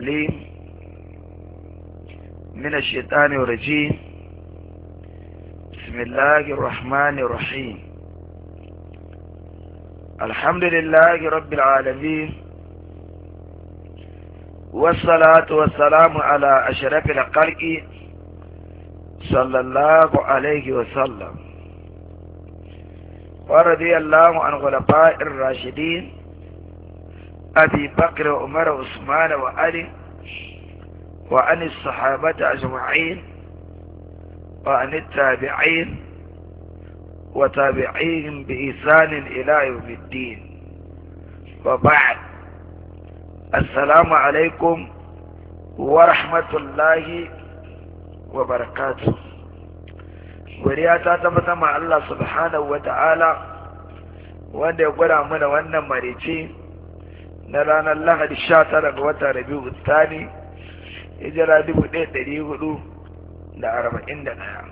لي من الشيطان الرجيم بسم الله الرحمن الرحيم الحمد لله رب العالمين والصلاة والسلام على أشرف الخلق صلى الله عليه وسلم ورضي الله عن خلفاء الراشدين أبي بكر وعمر وعثمان وعلي وعن الصحابة أجمعين وعن التابعين وتابعيهم بإيثان إلى يوم الدين وبعد السلام عليكم ورحمة الله وبركاته ورياتا ta مع الله سبحانه وتعالى وانا ta'ala wanda مريتين na ranar lahadi sha tara ga wata rabi tsani hijira dubu ɗaya ɗari hudu da arba'in da ɗaya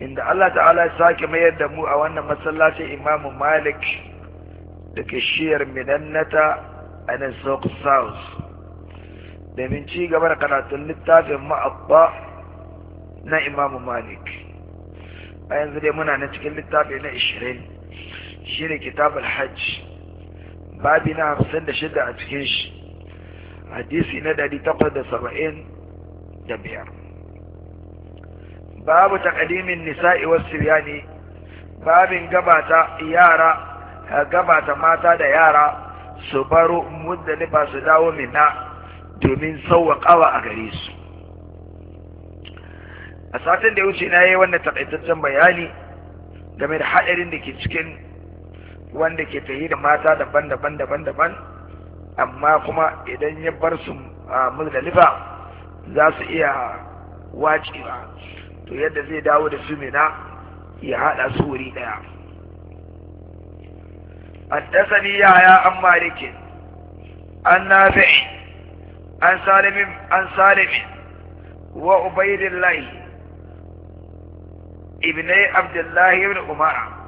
inda Allah ta'ala ya sake mayar da mu a wannan masallacin imamu malik da ke shiyar a nan south south domin ci gaba da karatun littafin ma'abba na imamu malik a yanzu dai muna na cikin littafi na 20 shi ne kitab hajj babi na hamsin da shida a cikin shi hadisi na dari takwas da saba'in da biyar babu takalimin nisa'i wasu yani babin gabata yara gabata mata da yara su baro muddalifa su dawo minna domin sauwaƙawa a gare su a satin da ya wuce na yi wannan takaitaccen bayani game da haɗarin da ke cikin wanda ke tayi da mata daban-daban daban-daban amma kuma idan ya bar su a muzdalifa za su iya wacewa to yadda zai dawo da su mina ya haɗa su wuri ɗaya حدثني يحيى عن مالك عن نافع عن سالم عن سالم وعبيد Wa ابن عبد Abdullahi بن عمر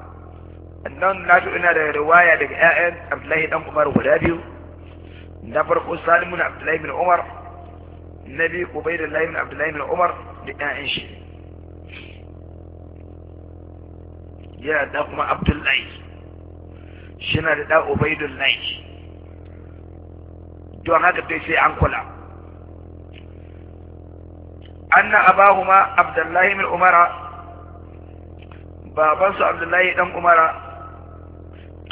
nan na ina da riwaya daga ƴaƴan Abdullahi dan Umar guda biyu na farko Salimu na Abdullahi bin Umar na biyu Ubaidullahi bin Abdullahi bin Umar da ƴaƴan shi Yana da kuma Abdullahi shi na da ɗan Ubaidullahi don haka dai sai an kula anna abahuma Abdullahi bin Umara babansu Abdullahi dan Umara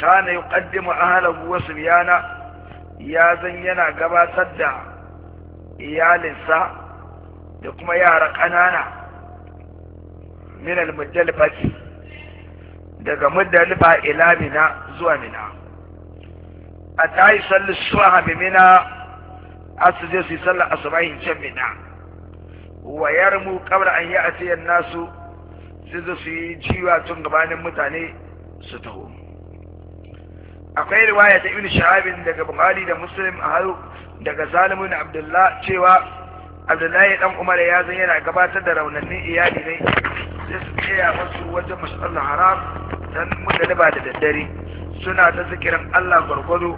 kana yuqaddimu ahlahu wa subyana ya zan yana gabatar da iyalinsa da kuma yara ƙanana min al daga muddalifa ila mina zuwa mina a ta yi salli suwa bi mina a su je su yi sallar can mina wa yarmu kamar an yi a nasu sai su yi jiwa tun gabanin mutane su taho akwai riwaya ta ibn shahabin daga bukhari da muslim a haru daga salimu da abdullah cewa abdullahi dan umar ya zan yana gabatar da raunannin iyali ne sai su tsaya wasu wajen mashallah haram dan mutaliba da daddare suna ta zikirin allah gwargwado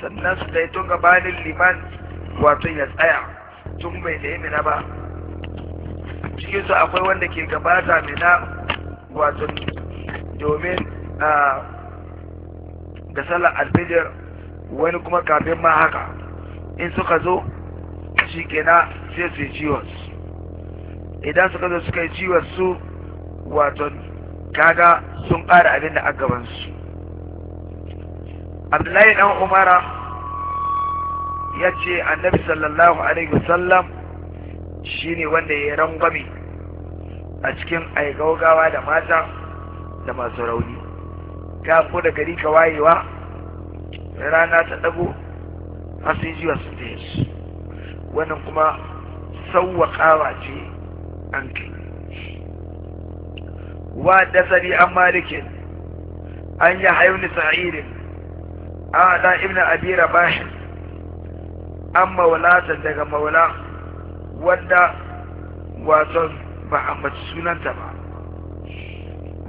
sannan su dai tun gabanin liman wato ya tsaya tun bai da yi ba cikinsu akwai wanda ke gabata mina wato domin ah, da sallar alfijir wani kuma kafin ma haka in suka zo shi kena sai su yi ciwon idan suka zo suka yi ciwon su wato kaga sun ƙara abin da a gabansu abdullahi dan umara ya ce annabi sallallahu alaihi wasallam shi ne wanda ya rangwame a cikin aigawa da mata da masu rauni fi da gari ka wayewa rana ta dago har sai jiwa su ta su wannan kuma sauwaƙawa ce an kai wa sari an malikin an yi haifin sa'irin a da ibn abi bashin. an maulata daga maula wadda wasan ba a mace sunanta ba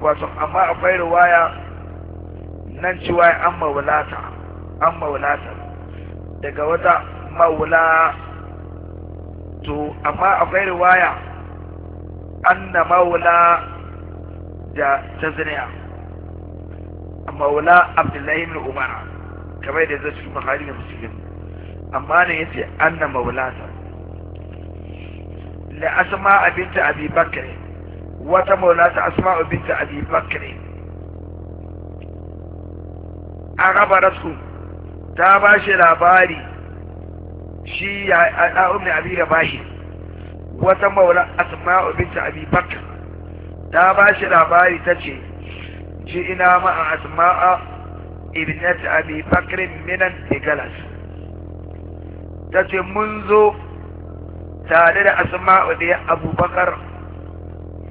wasan amma akwai ruwaya nan cewa an maulata an maulata daga wata maula to amma akwai riwaya anna maula da tazniya maula abdullahi ibn umar kamar da zai cikin bukhari da muslim amma ne yace anna maulata la asma binta abi bakr wata maulata asma binta abi bakr a rabararsu ta ba shi labari shi ya ɗa'un abi da bashi wata maula asma'u binta abi bakar ta ba shi labari ta ce ji ina a asma'a ibnat abi bakarin minan bigalas ta ce mun zo tare da asma'u da abubakar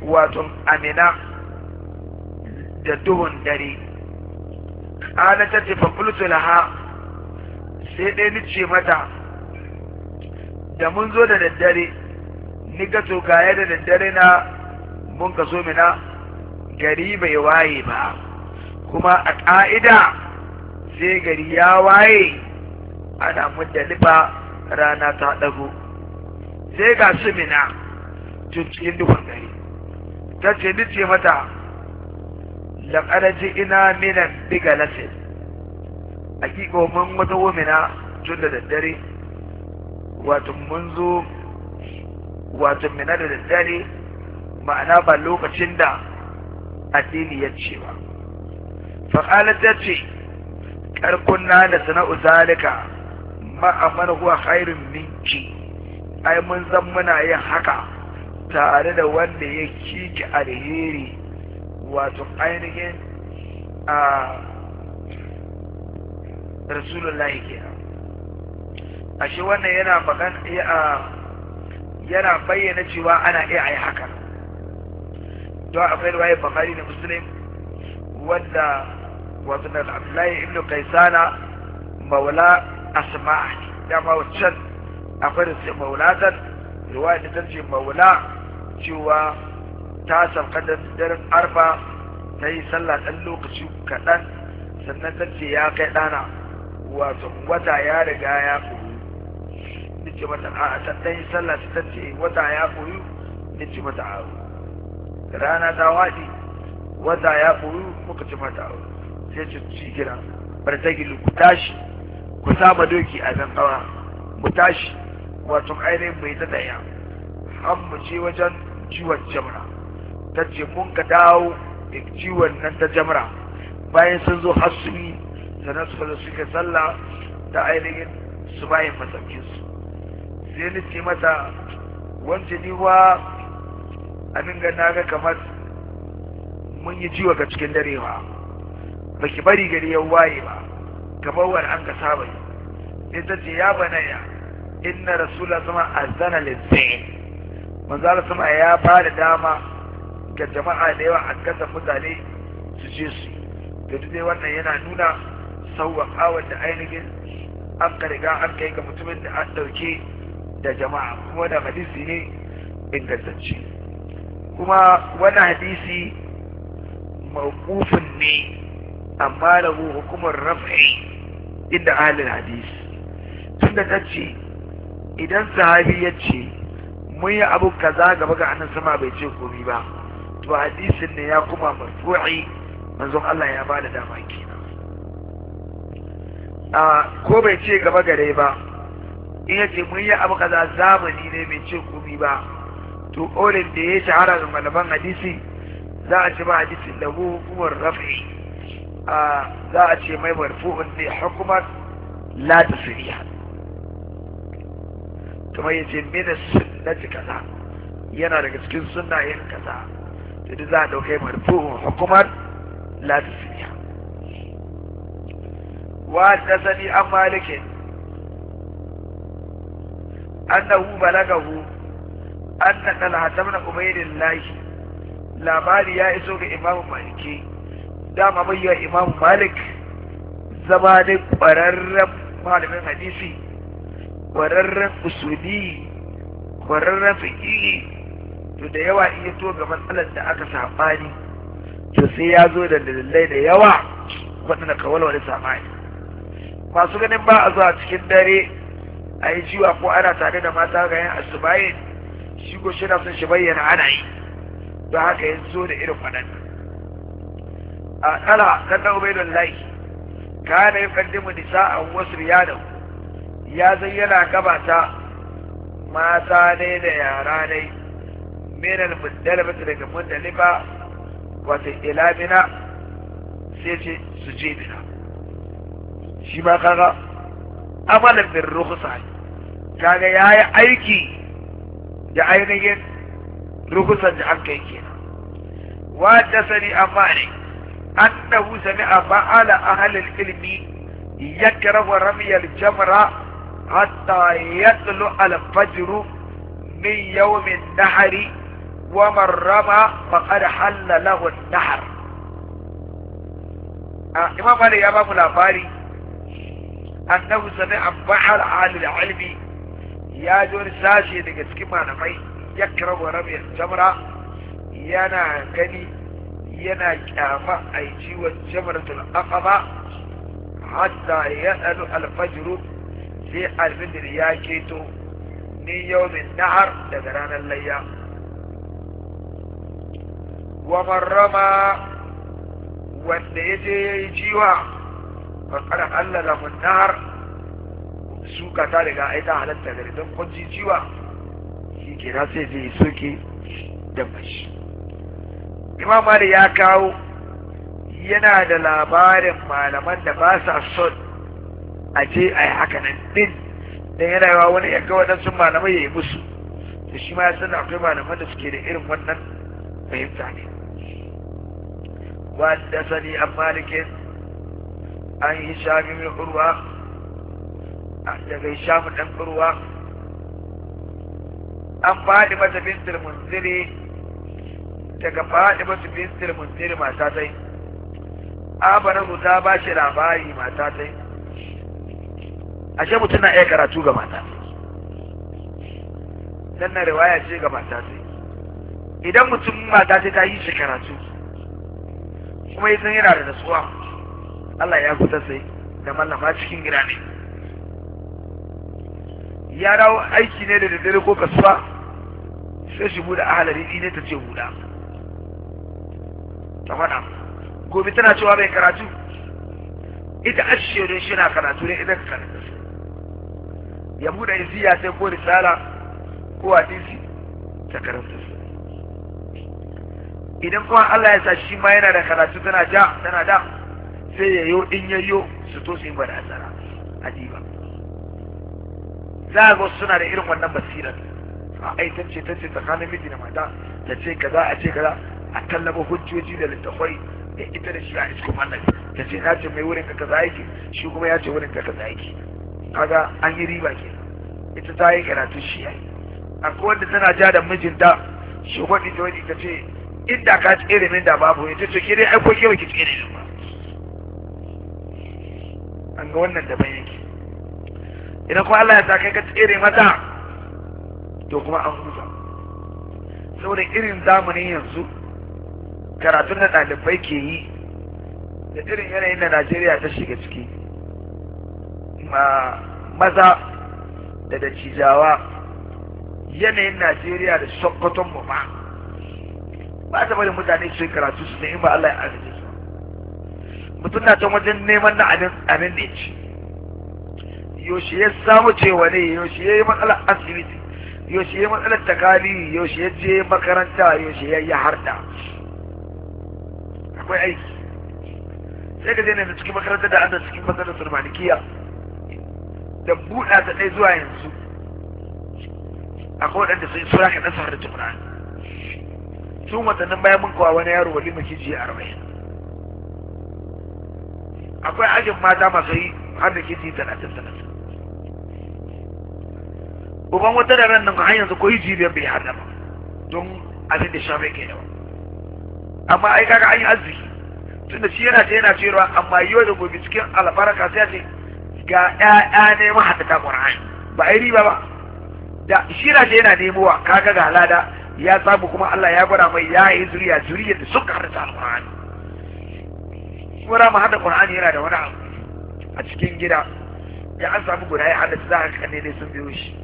wato amina da duhun dare ƙala ta ce fafultu laha sai ɗaya ni ce mata da mun zo da daddare ni ga to gaya da daddare na mun ka so mina gari bai waye ba kuma a ƙa'ida sai gari ya waye ana nufa rana ta ɗago sai ga su mina cikin duhun gari ta ce ni ce mata لقد جئنا mun wata womina tun da daddare, wato mun zo wato واتم da daddare ma'ana ba lokacin da addini ya ce ba faƙala ta ce ƙarkunna da sana'u zalika ma'amar huwa khairun minki ai mun zan muna yin haka tare da wanda ya kiki alheri وتقينيين رسول الله كيها أشي وانا ينا مغان ينا بيّن اتوا انا اعي حكا دعا قيل وعي بخارين مسلم ودى وظن الله ابن قيسانا مولا اسماء دعما وشن اقول مولادا رواية تنجي مولا تشوى ta da daren arfa ta yi sallah ɗan lokaci kaɗan sannan ta ce ya kai ɗana wato wata ya riga ya koyu ni ce mata a ta yi sallah ta ce wata ya koyu ni ce mata a rana ta waɗi wata ya koyu muka ce mata a sai ce ci gina bar ta gilu ku tashi ku saba doki a zan kawa mu tashi wato ainihin mai ta daya an mu je wajen ciwon jamra ta ce mun ka dawo da ciwon nan ta jamra bayan sun zo yi sannan su fara suke sallah da ainihin su bayan matsakinsu. sai ni ce mata wance ni wa a ga na ga kamar mun yi jiwa ga cikin dare ba ba ki bari gari yau waye ba kamar wani an ka saba yi ne ta ce ya ya inna rasula sama azana lizzin manzo Allah sama ya ba da dama ga jama'a da yawa a kasa mutane su je su da dai wannan yana nuna sauwaƙawar da ainihin an ka riga an kai ga mutumin da an ɗauke da jama'a kuma da hadisi ne ingantacce kuma wani hadisi mawqufin ne amma lahu hukumar rafai inda ahalin hadisi tunda ta ce idan sahabi ya ce mun yi abu kaza gaba ga annan sama bai ce komi ba to hadisin ne ya kuma marfu'i manzon Allah ya ba dama kenan a ko bai ce gaba gare ba in yace mun yi abu kaza zamani ne bai ce kumi ba to olin da ya shahara ga malaman hadisi za a ce ba hadisin da hukumar rafi a za a ce mai marfu'un ne hukumar la tasriya kamar yace min sunnati kaza yana daga cikin sunna yin kaza to za a ɗaukai marfuhun hukumar la tusbiya wa dasani an malikin annahu an anna talha ibn lahi labari ya iso ga imamu maliki dama bai yi imamu malik zama ne ƙwararren malamin hadisi ƙwararren usuli ƙwararren fiƙi to da yawa iya to ga matsalar da aka saɓani to sai ya zo da dalilai da yawa waɗanda ka wani saɓani masu ganin ba a zuwa cikin dare a yi jiwa ko ana tare da mata ga yin asibayi shi ko shi na son shi bayyana ana yi don haka ya zo da irin waɗannan a tsala kan ɗan ubaidun lai kana yi nisa a wasu riyadan ya zai yana gabata mata ne da yara ne من المندلبة المندلبة وتإلامنا سيجي سجيبنا شما خاغا أمل من الرخصة كان يا أيكي يا أينيين رخصة جعل كيكينا واتسني أماني أنه سمع فعل أهل العلم يكره رمي الجمرة حتى يطلع الفجر من يوم النهر wa man rama faqad halla lahu an ya ba mu labari annahu sami'a ba'al ahli al-ilmi ya ji wani sashe daga cikin malamai ya karabu rabiyar jamra yana gani yana kyafa a yi ciwon jamratul aqaba hatta ya ɗalu alfajiru sai alfidir ya keto ni yau min nahar daga ranar layya wa marrama wanda ya je ya yi jiwa faƙar hallala munnar suka ta daga ai ta halatta gari don kwanci jiwa shi na soke mali ya kawo yana da labarin malaman da ba sa son a je a yi haka nan din don yana yawa wani ya ga waɗansu malamai ya yi musu da shi ma ya san akwai malaman da suke da irin wannan fahimta ne وحدثني عن مالك عن هشام بن عروة أحدث هشام بن عروة عن فاطمة بنت المنذر daga faɗi masu bintir Munzir mata tai Abanaru ta ba shi labari mata tai ashe mutum na iya karatu ga mata sannan riwaya ce ga mata tai idan mutum mata tai ta yi shi karatu kuma ya san yana da nasuwa Allah ya fita sai da mallama cikin gida ne ya dawo aiki ne da daddare ko kasuwa sai shi buɗe ahalari ne ta ce buɗa ta faɗa gobe tana cewa bai karatu ita ashe don shi na karatu ne idan su. ya buɗe ya sai ko risala ko hadisi ta karanta su idan kuma Allah ya sa shi ma yana da karatu tana ja tana da sai ya yo in yo su to su yi bada asara ajiba za ga suna da irin wannan basira a aitance ta ce tsakanin miji da mata ta ce kaza a ce kaza a tallaba hujjoji da littafai da ita da shi a isko wannan ta ce na ce mai wurin ka kaza yake shi kuma ya ce wurin ka kaza yake kaga an yi riba ke ita ta yi karatu shi yayi akwai wanda tana ja da mijinta shi wani ta wani ta ce inda ka tsere min da babu ya ce kire ai aiko ke baki tsere ne ba an ga wannan daban yake idan ko Allah ya sa kai ka tsere mata to kuma an huta saboda irin zamanin yanzu karatun da ɗalibai ke yi da irin yanayin da Najeriya ta shiga ciki maza da da cijawa yanayin Najeriya da sokoton mu ba ba ta bari mutane su karatu su ne in ba Allah ya arziki su mutum na can wajen neman na da ya ci yaushe ya samu cewa ne yaushe ya yi matsalar asibiti yaushe ya yi matsalar takali yaushe ya je makaranta yaushe ya yi harda akwai aiki sai ka je ne da cikin makaranta da anda cikin matsalar sulmanikiya da buɗa ta ɗai zuwa yanzu akwai waɗanda sun sura ka ɗansa har da jimrani sun watannin bayan mun kawo wani yaro walima ji arba'in akwai ajin mata masu yi har da ji talatin talatin uban wata da ran nan har yanzu ko biyan bai hada ba don abin da shafe ke yawa amma ai kaga an yi arziki tunda shi yana ta yana cewa amma yau da gobe cikin albaraka sai ce ga ƴaƴa ne mahaddata qur'ani ba ai riba ba da shi yana ta yana nemowa kaga ga halada ya sabu kuma Allah ya gwada mai ya yi zuriya zuriya da suka harta alƙur'ani gwada mu hada ƙur'ani yana da wani abu a cikin gida ya an samu guda ya hada za ka kanne ne sun biyo shi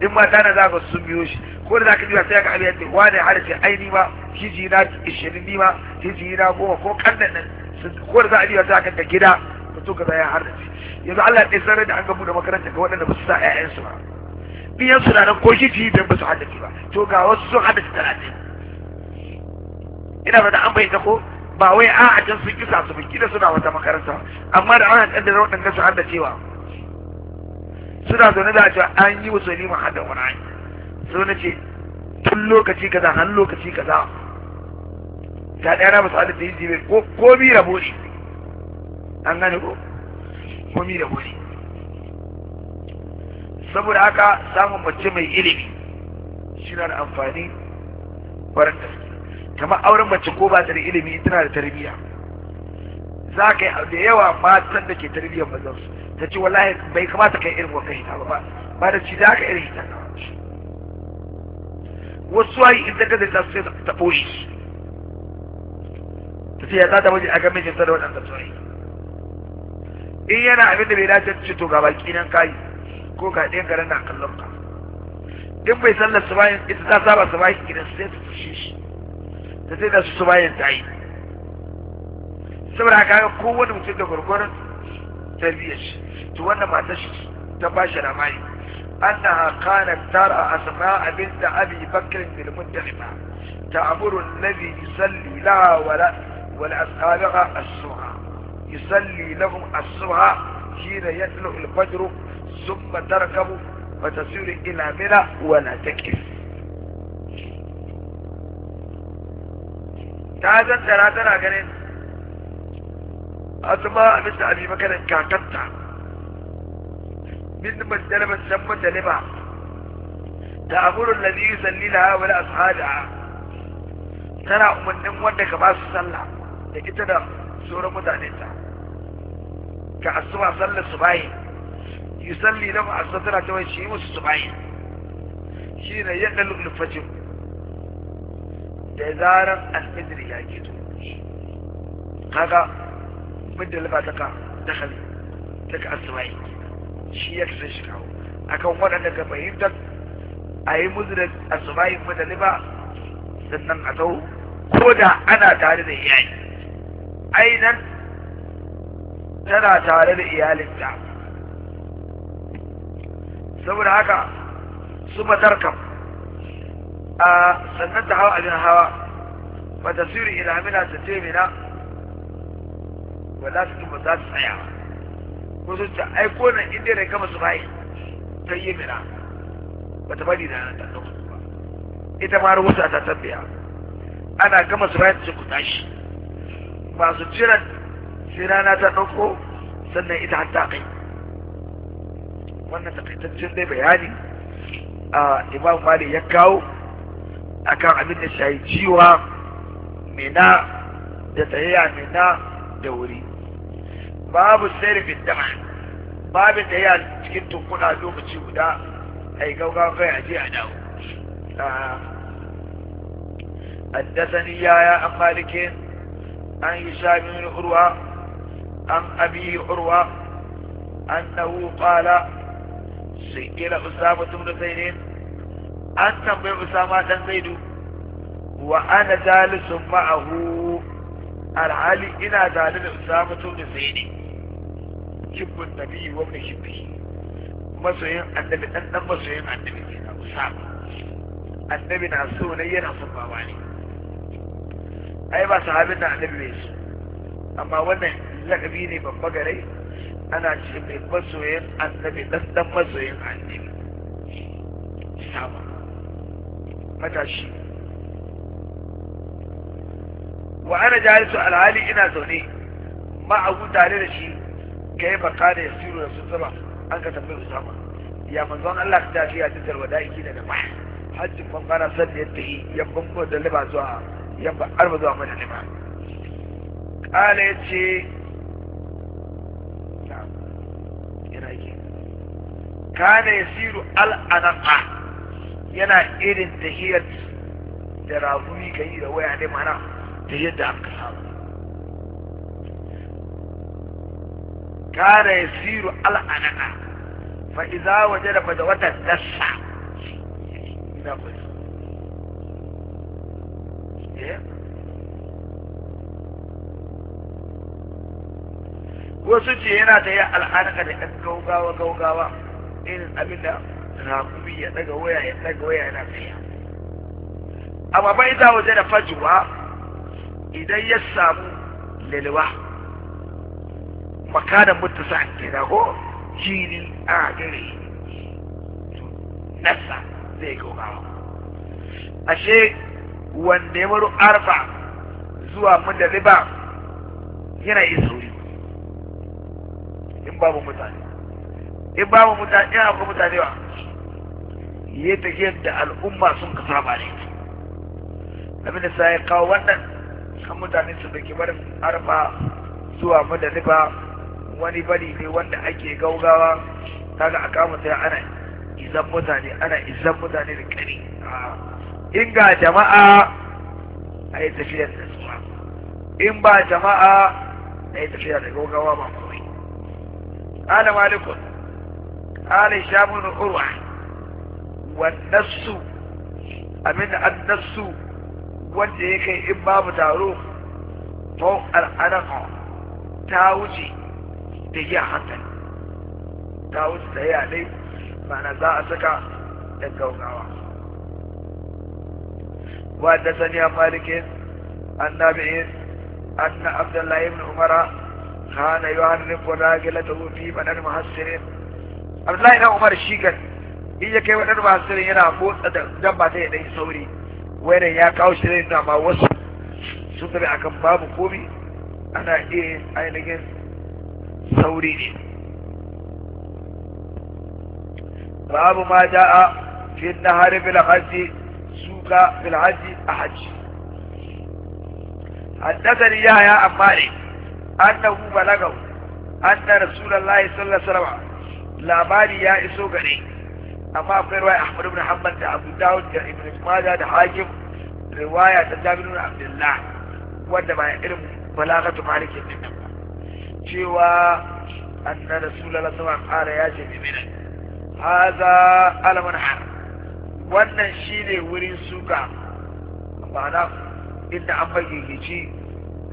in mata na za ka sun biyo shi ko da za ka biya sai ka abin yadda wani har hada ce aini ma hiji na ishirin ni ma hiji na goma ko kannan nan ko da za a biya sai ka da gida mutum ka za ya hada yanzu Allah ya sanar da an gabu da makaranta ga waɗanda ba su sa 'ya'yansu ba biyan su da ko shi ji biyan ba su haddace ba to ga wasu sun da talatin ina fata an bai ko ba wai a a can sun kisa su da suna wata makaranta amma da ana kaddara waɗanda su haddacewa suna zaune da cewa an yi wasu liman hadda wani an su na ce tun lokaci kaza har lokaci kaza ga ɗaya na masu ta yi jibe ko bi rabo ne an gane ko bi rabo ne saboda haka samun mace mai ilimi shi na da amfani farin gaske kamar auren mace ko ba ta da ilimi tana da tarbiyya za ka yi da yawa matan da ke tarbiyyar su, ta ce wallahi bai kamata kai irin wanka hita ba ba da ci za ka irin hita wasu wayi in ta zai ta sai ta boshi ta ce ya za ta waje a ga mijinta da waɗanda tsoyi in yana abin da bai dace ta ce to ga baki nan kayi ko ga ɗayan garin na kallon ka in bai sallar su bayan ita ta saba su bayan gidan sai su fushi shi ta sai da su su bayan ta yi saboda haka ko wani mutum da gwargwaron tarbiyyar shi to wannan matar shi ta ba shi ramari أنها كانت ترى أسماء بنت أبي بكر بالمتهمة تأمر الذي يصلي لها ولا ولأصحابها الصبح يصلي لهم الصبح حين يطلع الفجر ثم تركب وتسير إلى منى ولا تكف تازن تراتنا ganin asma mista abi makarin kakatta min majalaba san majalaba da amurin ladhi yusalli laha wa ashabiha tana umarnin wanda ka basu su sallah da ita da sauran mutane ka asuba sallar su subahi yusalli lahu as-satra ta wai shi musu subahi shine ya dalu al-fajr da zaran al-fajr ya kito kaga muddin ba ta ka dakhali shi ya kasa shi kawo akan waɗanda ga fahimtar a yi muzirar asubahin a tau ko da ana tare da iyali tana tare da iyalinta saboda haka su matarkam a sannan ta hawa abin hawa ba ta siri ilamina ta ce Ba za su tuba za su tsaya ko sun ta aiko nan inda da kama su bayi ta yi mina ba ta bari da nan ta ɗauka ba ita ma rubuta ta tambaya ana gama su bayi ta ce ku tashi masu jiran sai rana ta ɗauko sannan ita hatta kai wannan takaitaccen dai bayani a imam malik ya kawo akan abin da shayi ciwa mina da tsayayya mina da wuri babu sarfin da babin da ya cikin tukuna lokaci guda a yi gaugawa kai a je a dawo حدثني يا عن مالك an yi shamin urwa an abi urwa أنه قال Sai kira usama tun da ne an tambayi usama dan zaidu wa ana jalisun ma'ahu alhali ina zane da usama tun da ne kibbun nabi wa mai kibbi masoyin annabi dan dan masoyin annabi ne na usama annabi na so ne yana son bawa ne ai ba sahabin da annabi bai su amma wannan lakabi ne babba garai ana cikin mai masoyin annabi ɗan masoyin annabi sama matashi wa ana jalisu alhali ina zaune ma'abu tare da shi ka yi baka da yasiru da sun zama an ka tambayi usama ya manzon Allah ka tafi ya tattar wa da'iki da da ma'a hajjin bambara san da yadda yi ya bambara da liba zuwa yamma arba zuwa madalima ƙala ya ce iraki kana yasiru al'anaka yana irin tahiyar da rafuni ka yi da waya ne mana da yadda aka saba kana yasiru al'anaka fa idza wajada fadawata dassa ina kwai eh? wasu ce yana ta yi al'adaka da ɗan gaugawa gaugawa irin abin da rakumi ya ɗaga waya ya ɗaga waya yana tsaya amma ba za waje da fajuwa idan ya samu lalwa makanan ke da ko jini a gare nasa zai gaugawa ashe wanda ya maru arfa zuwa mudaliba yana iso in babu mutane in babu mutane in akwai mutane ba ya tafiya yadda al'umma sun ka saba ne Abin da sa ya kawo wannan kan mutane su dake barin arfa zuwa madaliba wani bari ne wanda ake gaugawa kaga a kama sai ana izan mutane ana izan mutane da kari in ga jama'a a yi tafiya da tsuwa in ba jama'a a yi tafiya da gaugawa ba قال مالك قال هشام بن عروه والنفس امن النفس وجهك امام تعروف فوق العنق تاوجي تجي حتى تاوجي تجي عليه معنى ذا اسكا يتقوى قوى وحدثني مالك النبي ان عبد الله بن عمر كان يعرف راجلته في بدن محسرين عبد الله بن عمر شيكر هي كي بدن محسرين يرى بوت جنب عليه دي سوري وين يا كاوشرين نعم وصف سوري اكم باب كوبي انا ايه اي لجن سوري باب ما جاء في النهار في الحج سوكا في الحج احج حدثني يا يا اماري annahu balagahu anna rasulullahi sallallahu alaihi wasallam labari ya iso gare amma akwai ruwaya Ahmad ibn Hanbal da Abu Dawud da Ibn Majah da Hakim riwaya ta Jabir ibn Abdullah wanda ba irin balagatu Malik din nan cewa anna rasulullahi sallallahu alaihi wasallam qala ya ce bimina hadha alaman har wannan shine wurin suka ma'ana inda an fage gici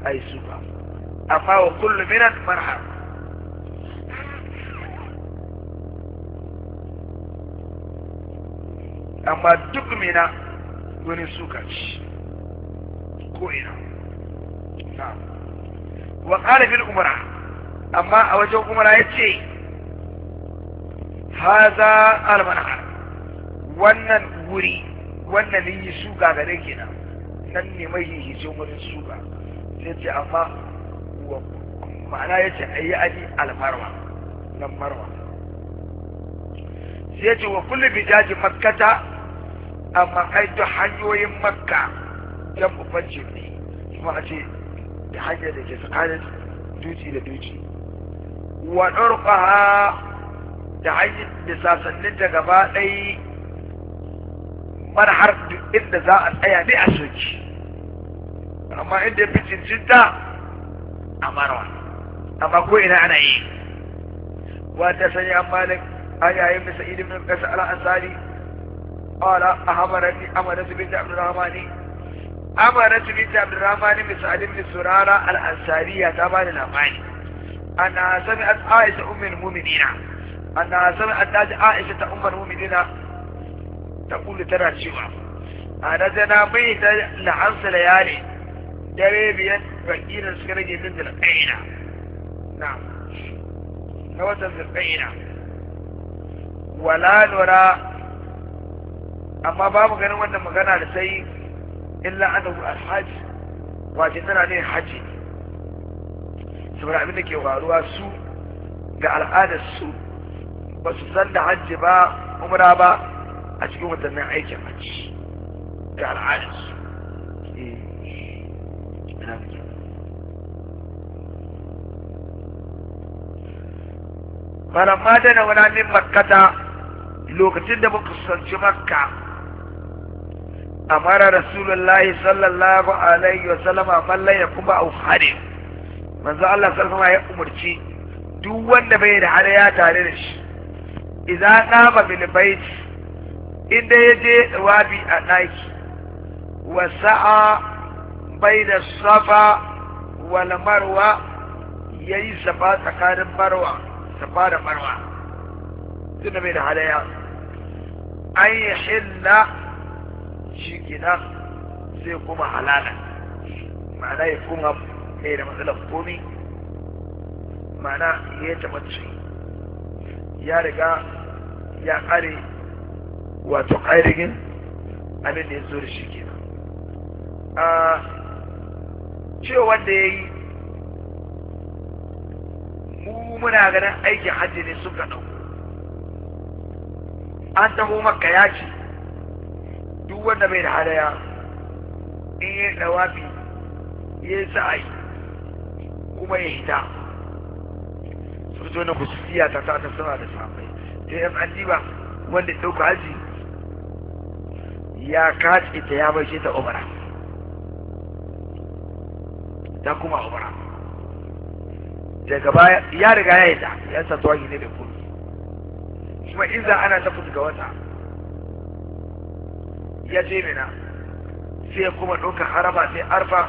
ai suka afawa kullu minan marhab amma duk mina wani suka ci ko ina wa umara amma a wajen umara ya ce haza almana wannan wuri wannan yi suka gare kenan nan ne mai yi hijin wurin suka sai ce amma uwan ma'ana ya ce ayi aji almarwa nan marwa sai ya ce wa kulli bidaji makkata amma ai duk hanyoyin makka jan bufancin ne kuma a ce da hanyar da ke tsakanin duci da duci wa ɗorfaha da hanyar da sasannin da gaba ɗai manhar duk inda za a tsaya ne a soki amma inda fi cincinta أمرون أما قوينا ina ana yi wata مالك أي أي an yayin bisa ilimin kasa al'ansari قال أخبرني أمانة بنت عبد الرحمن أمانة بنت عبد الرحمن بن سعد بن سرارة الأنصارية تبع الأماني أنها سمعت عائشة أم المؤمنين أنها سمعت عائشة أم المؤمنين تقول لترى شيئا أنا زنا ميتا لعنص ليالي دريبيا baƙi da suka rage min zulƙaina na na watan zulƙaina wala nura amma babu ganin wannan magana da sai illa annahu alhaji wace tana ne haji saboda abin da ke faruwa su ga al'adar su ba su san da hajji ba umra ba a cikin watannin aikin hajji ga al'adar su eh ina falamma da na wala min makkata lokacin da muka sanci makka amara rasulullahi sallallahu alaihi wa sallama fallan ya kuma au hade manzo Allah sallallahu alaihi ya umarci duk wanda bai da ya tare da shi na qama bil bait inda yaje wabi a daki wa sa'a baina safa wal marwa yayi safa tsakanin marwa ta fara barwa tun da da hadaya an yi hilla shi gina sai kuma halala ma'ana ya kuma kai da matsalar komi ma'ana ya taɓa ya riga ya ƙare wato ƙairigin abin da ya zo da shi gina a ah, cewa da ya yi muna ganin aikin hajji ne suka ɗau an taho maka yaki duk wanda bai da hadaya in yi dawafi ya yi sa'ai kuma ya hita su zo na kusurciya ta ta tasara da samai ta yi an ba wanda ɗauka hajji ya kace ta ya bashe ta umara ta kuma umara daga baya ya riga ya yadda ya sa tuwaki ne da kuma kuma in za ana ta ga wata ya je mina sai kuma ɗaukar haraba sai arfa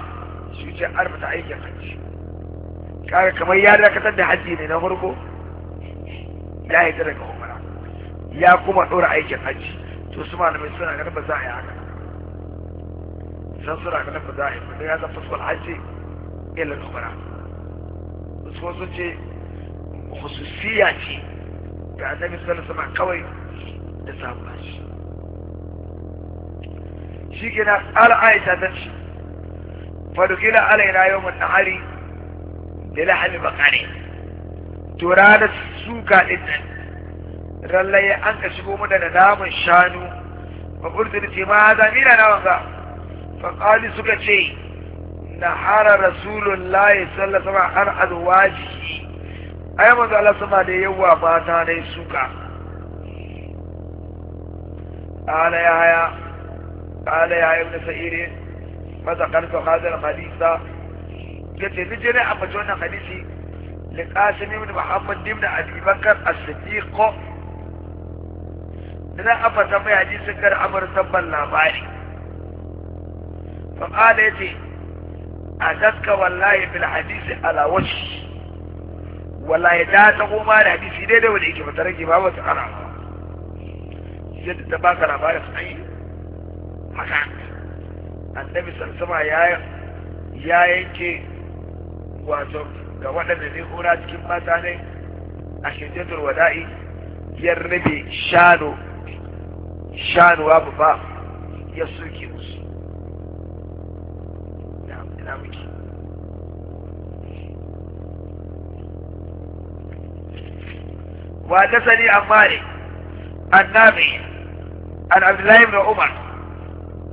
shi ce arfa ta aikin hajji kaga kamar ya dakatar da hajji ne na farko ya yi ta daga umara ya kuma ɗora aikin hajji to su malamai suna ganin ba za a yi haka san suna ganin ba za a yi ba ya zafi sulhaji ilin umara wasu ce hususiya ce da annabi sallallahu alaihi kawai da sabuwa shi shi ke na ala aisha ta ce fadukila alaina yau mun nahari da lahani bakare tura da suka din nan rallaye an ka shigo mu da namun shanu ba burtu da ce ma zamina na wanga fa suka ce nahara sallallahu alaihi har azwaji ai manzo Allah sama da yawa mata ne suka قال يا هيا قال يا ابن سعيد فذكرت هذا الحديث yace ni jere a mace wannan hadisi li muhammad ibn abi as-siddiq ina afa ta mai hadisin labari yace أتتك والله في الحديث على وجه والله لا تقوم على حديث ديدي والإيكي فتركي ما وتقرع جد تباك على بارس أي حقا النبي صلى الله عليه وسلم يا ينكي wato ga waɗanda ne kura cikin mata ne a shirjatar wada'i ya rabe shano shanuwa babba ya soke musu من وحدثني عن مالك عن نافع عن عبد الله بن عمر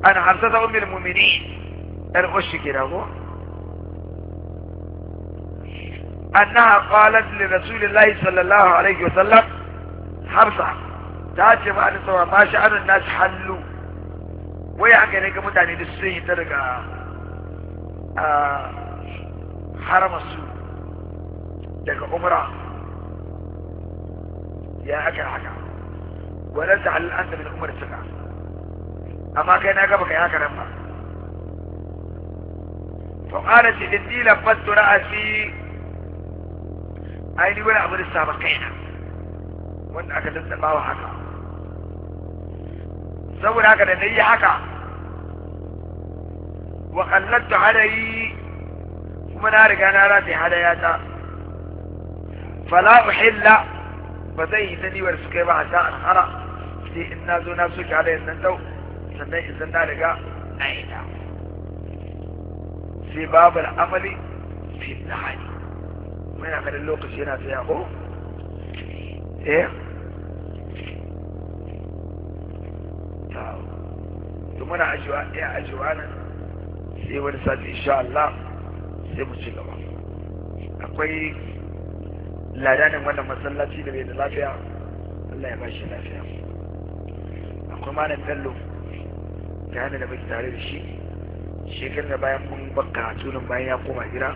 عن حفصة أم المؤمنين الغش كده أنها قالت لرسول الله صلى الله عليه وسلم حفصة ذات مع نسوة ما شأن الناس حلوا ويعني لك متعني للسيطة لك a haramasu daga umra ya aka haka wadanda ta halin an da umar suka amma kai na gaba kai haka nan ba فقالت إني لفت رأسي أين wanda aka السابقين وأن أكدت الله حكا سوى هكذا yi haka. وخلدت علي ومن أنا راتي حدياتا فلا أحل فزي تني ورسكي بعد الخرا في الناس نفسك عليه سنتو سنتي سنة رجع أينا في باب العمل في اللحن من أخر اللوق هنا في اخو إيه تعالوا ثم أنا اجوانا أجواء sai wani sati insha Allah sai mu ci gaba akwai ladanin wannan masallaci da bai da lafiya Allah ya ba shi lafiya akwai malam bello da hada da muke tare da shi shekar da bayan mun bakka tunan bayan ya koma gida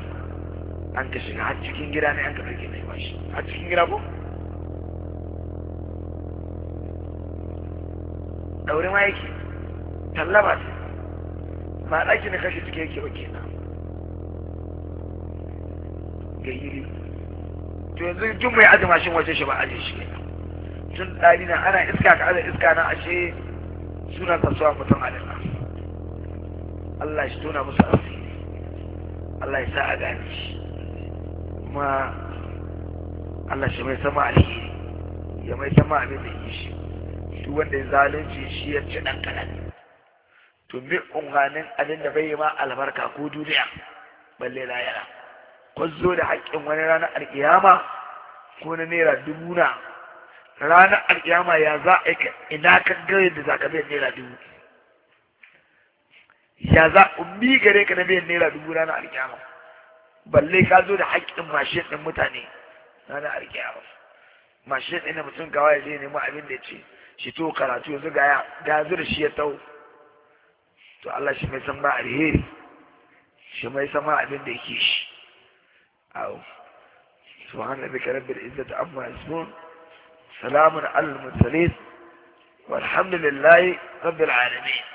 an ka shiga har cikin gida ne an ka ɗauke mai bashi har cikin gida ko ɗaure ma yake tallaba ce ba ɗaki na kashe suke yake wake na ga hili to yanzu tun mai aji mashin waje shi ba aje shi ne tun ɗari na ana iska ka aje iska na ashe sunan suna tasuwa mutum adana Allah shi tona musu asiri Allah ya sa a gane shi kuma Allah shi mai sama alheri ya mai sama abin da yi shi duk wanda ya zalunci shi ya ci ɗan kaɗan to me unganin abin da bai ma albarka ko duniya balle yana ko zo da haƙƙin wani ranar alƙiyama ko na naira dubu na ranar alƙiyama ya za a ina ka gare da za ka biyan naira dubu ya za ummi gare ka na biyan naira dubu ranar alƙiyama balle ka zo da haƙƙin mashin ɗin mutane ranar alƙiyama mashin ɗin da mutum kawai zai nemi abin da ce shi to karatu yanzu ga ya da shi ya tau to Allah shi mai san ba alheri shi mai san ma abin da yake shi aw subhana rabbika rabbil izzati amma yasifun salamun alal mursalin walhamdulillahi rabbil alamin